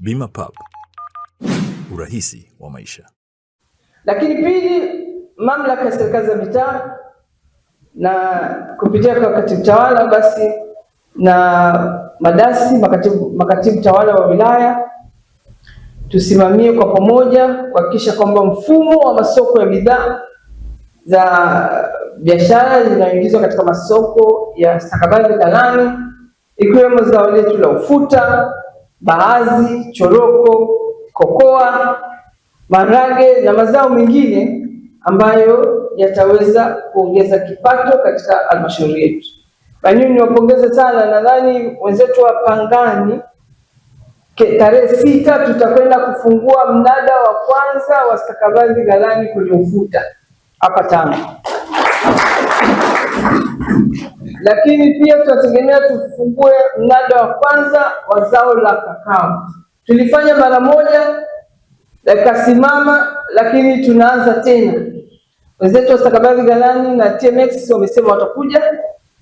Bima pub, urahisi wa maisha. Lakini pili, mamlaka ya serikali za mitaa na kupitia kwa katibu tawala basi na madasi makatibu, makatibu tawala wa wilaya tusimamie kwa pamoja kuhakikisha kwamba mfumo wa masoko ya bidhaa za biashara zinayoingizwa katika masoko ya stakabadhi ghalani ikiwemo zao letu la ufuta baazi, choroko, kokoa, marage na mazao mengine ambayo yataweza kuongeza kipato katika halmashauri yetu. ni niwapongeze sana, nadhani wenzetu wa Pangani tarehe sita tutakwenda kufungua mnada wa kwanza wa stakabadhi ghalani kwenye ufuta hapa Tanga lakini pia tunategemea tufungue mnada wa kwanza wa zao la kakao. Tulifanya mara moja likasimama, lakini tunaanza tena. Wenzetu wa stakabadhi ghalani na TMX wamesema watakuja,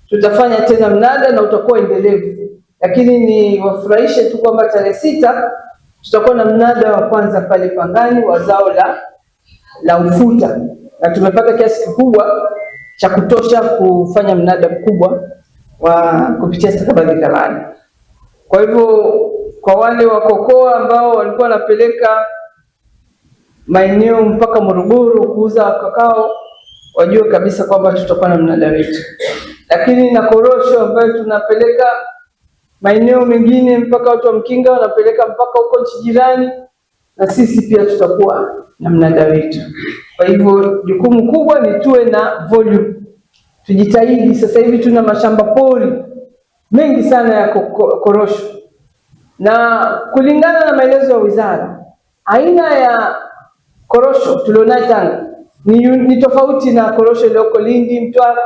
tutafanya tena mnada na utakuwa endelevu, lakini ni wafurahishe tu kwamba tarehe sita tutakuwa na mnada wa kwanza pale Pangani wa zao la la ufuta na tumepata kiasi kikubwa cha kutosha kufanya mnada mkubwa wa kupitia stakabadhi ghalani. Kwa hivyo kwa wale wakokoa ambao walikuwa wanapeleka maeneo mpaka Morogoro kuuza kakao wajue kabisa kwamba tutakuwa na mnada wetu, lakini na korosho ambayo tunapeleka maeneo mengine mpaka watu wa Mkinga wanapeleka mpaka huko nchi jirani na sisi pia tutakuwa na mnada wetu. Kwa hivyo jukumu kubwa ni tuwe na volume, tujitahidi. Sasa hivi tuna mashamba pori mengi sana ya korosho, na kulingana na maelezo ya wizara, aina ya korosho tulionayo Tanga ni, ni tofauti na korosho iliyoko Lindi, Mtwara.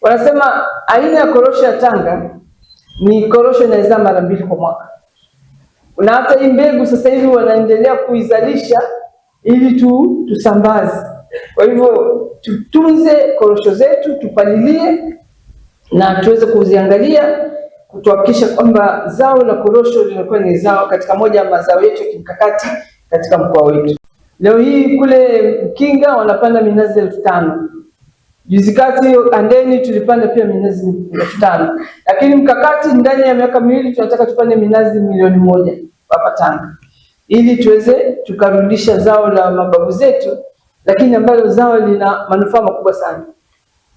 Wanasema aina ya korosho ya Tanga ni korosho inaweza mara mbili kwa mwaka na hata hii mbegu sasa hivi wanaendelea kuizalisha ili tu tusambaze. Kwa hivyo tutunze korosho zetu, tupalilie na tuweze kuziangalia kutuhakikisha kwamba zao la korosho linakuwa ni zao katika moja ya mazao yetu ya kimkakati katika mkoa wetu. Leo hii kule Mkinga wanapanda minazi elfu tano Juzi kati Andeni tulipanda pia minazi elfu tano lakini mkakati ndani ya miaka miwili tunataka tupande minazi milioni moja hapa Tanga ili tuweze tukarudisha zao la mababu zetu, lakini ambalo zao lina manufaa makubwa sana.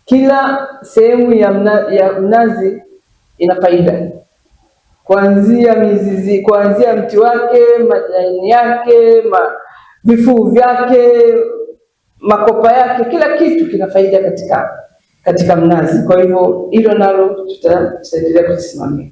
Kila sehemu ya, mna, ya mnazi ina faida kuanzia mizizi, kuanzia mti wake, majani yake, vifuu vyake makopa yake, kila kitu kina faida katika katika mnazi. Kwa hivyo hilo nalo tutaendelea kusimamia.